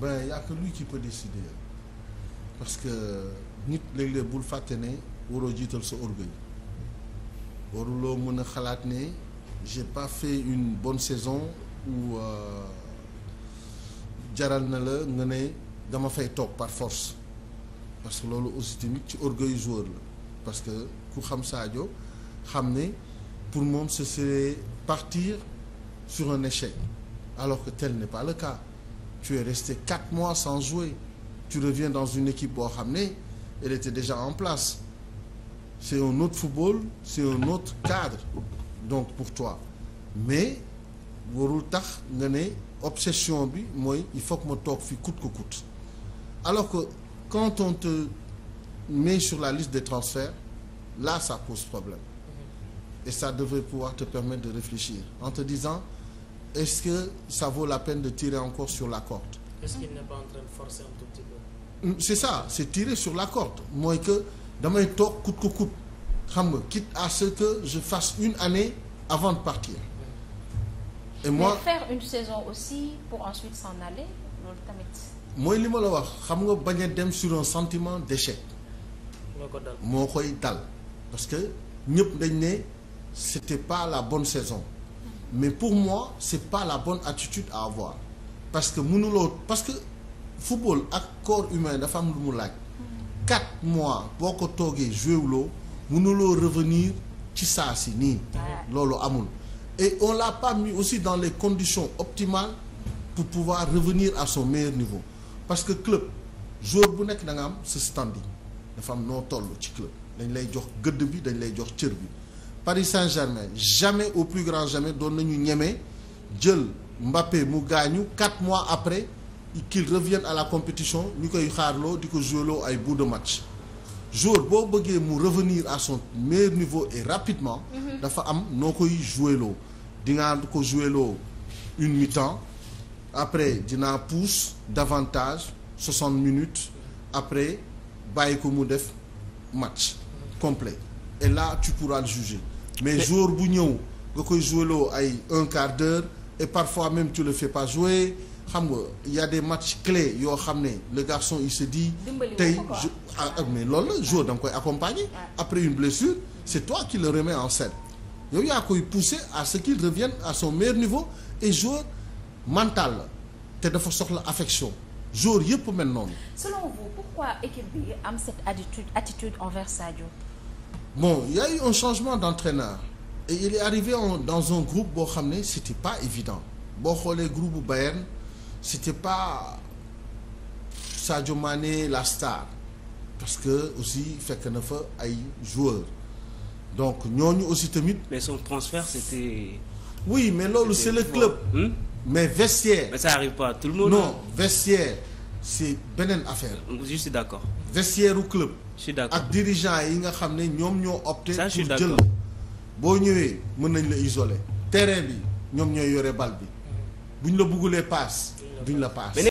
ben il y a que lui décider parce que nit léeg-léeg bul fàtte ne waroo jiital sa orgueil waruloo mën a xalaat ne j'ai pas fait une bonne saison ou euh, jaral na la nga ne dama fay toog par force parce que loolu aussi tamit ci orgueil joueur la parce que ku xam Sadio xam ne pour moom ce serait partir sur un échec alors que tel n'est pas le cas tu es resté quatre mois sans jouer tu reviens dans une équipe boo xam ne elle était déjà en place c'est un autre football c'est un autre cadre donc pour toi mais warul tax nga ne obsession bi mooy il faut que ma toog fi coûte que coûte alors que quand on te met sur la liste des transferts là ça pose problème et ça devrait pouvoir te permettre de réfléchir en te disant est-ce que ça vaut la peine de tirer encore sur la corde est-ce qu'il n'est pas mm, c'est ça c'est tirer sur la corde mooy que damay toog coûte que xam nga quitte à ce que je fasse une année avant de partir et moi mais saison aussi pour ensuite s'en aller mooy li ma la wax xam nga bañ dem sur un sentiment d'échec moo koy dal parce que ñëpp dañ ne c'était pas la bonne saison mais pour mois c'est pas la bonne attitude à avoir parce que mënuloo parce que football ak corps humain dafa am lu mu laaj quatre mois boo ko toogee joué mënuloo revenir ci saa si nii loolu amul et on l'a pas mis aussi dans les conditions optimales pour pouvoir revenir à son meilleur niveau parce que club jour bu nekk da nga am sa standing dafa am noo toll ci club dañ lay jox gëdd bi dañ lay jox cër bi Paris Saint-Germain jamais au plus grand jamais doon nañu ñeme jël mbappe mu gaañu quatre mois après qu'il revienne à la compétition ñu koy xaarloo di ko joueloo ay bout de match jour boo bëggee mu revenir à son meilleur niveau et rapidement mhm. dafa am noo koy joueloo dinaa ko joueloo une mi-temps après dinaa pousse davantage soixante minutes après bàyyi ko mu def match complet et la tu pourras le juger mais jour bu ñëw nga koy joueloo ay un quart d'heure et parfois même tu le fais pas jouer xam nga y a des matchs yoo xam ne le garçon il se dit tey ah, ah, mais loolu la jour da nga koy accompagner après une blessure c'est toi qui le remets en scène yow yaa koy pousser à ce qu'il revienne à son meilleur niveau et joueur mental la te dafa soxla affection joueur yëpp mel noonu selon vous Sadio bon il y a eu un changement d'entraîneur et il est arrivé en, dans un groupe boo xam ne c'était pas évident boo xoolee groupe bu Bayern c'était pas Sadio Mané la star parce que aussi fekk na fa ay joueurs donc ñooñu aussi tamit. mais son transfert c'était oui mais loolu c'est le club. Hmm? mais vestiaire. mais ça le monde. non vestiaire. c'est beneen affaire. je suis d'accord. u club. ak dirigeant yi nga xam ne ñoom ñoo opté. pour jël boo ñëwee mën nañ la isoler. terrain bi ñoom ñooy yore bal bi buñ la buggulee paas duñ la paas.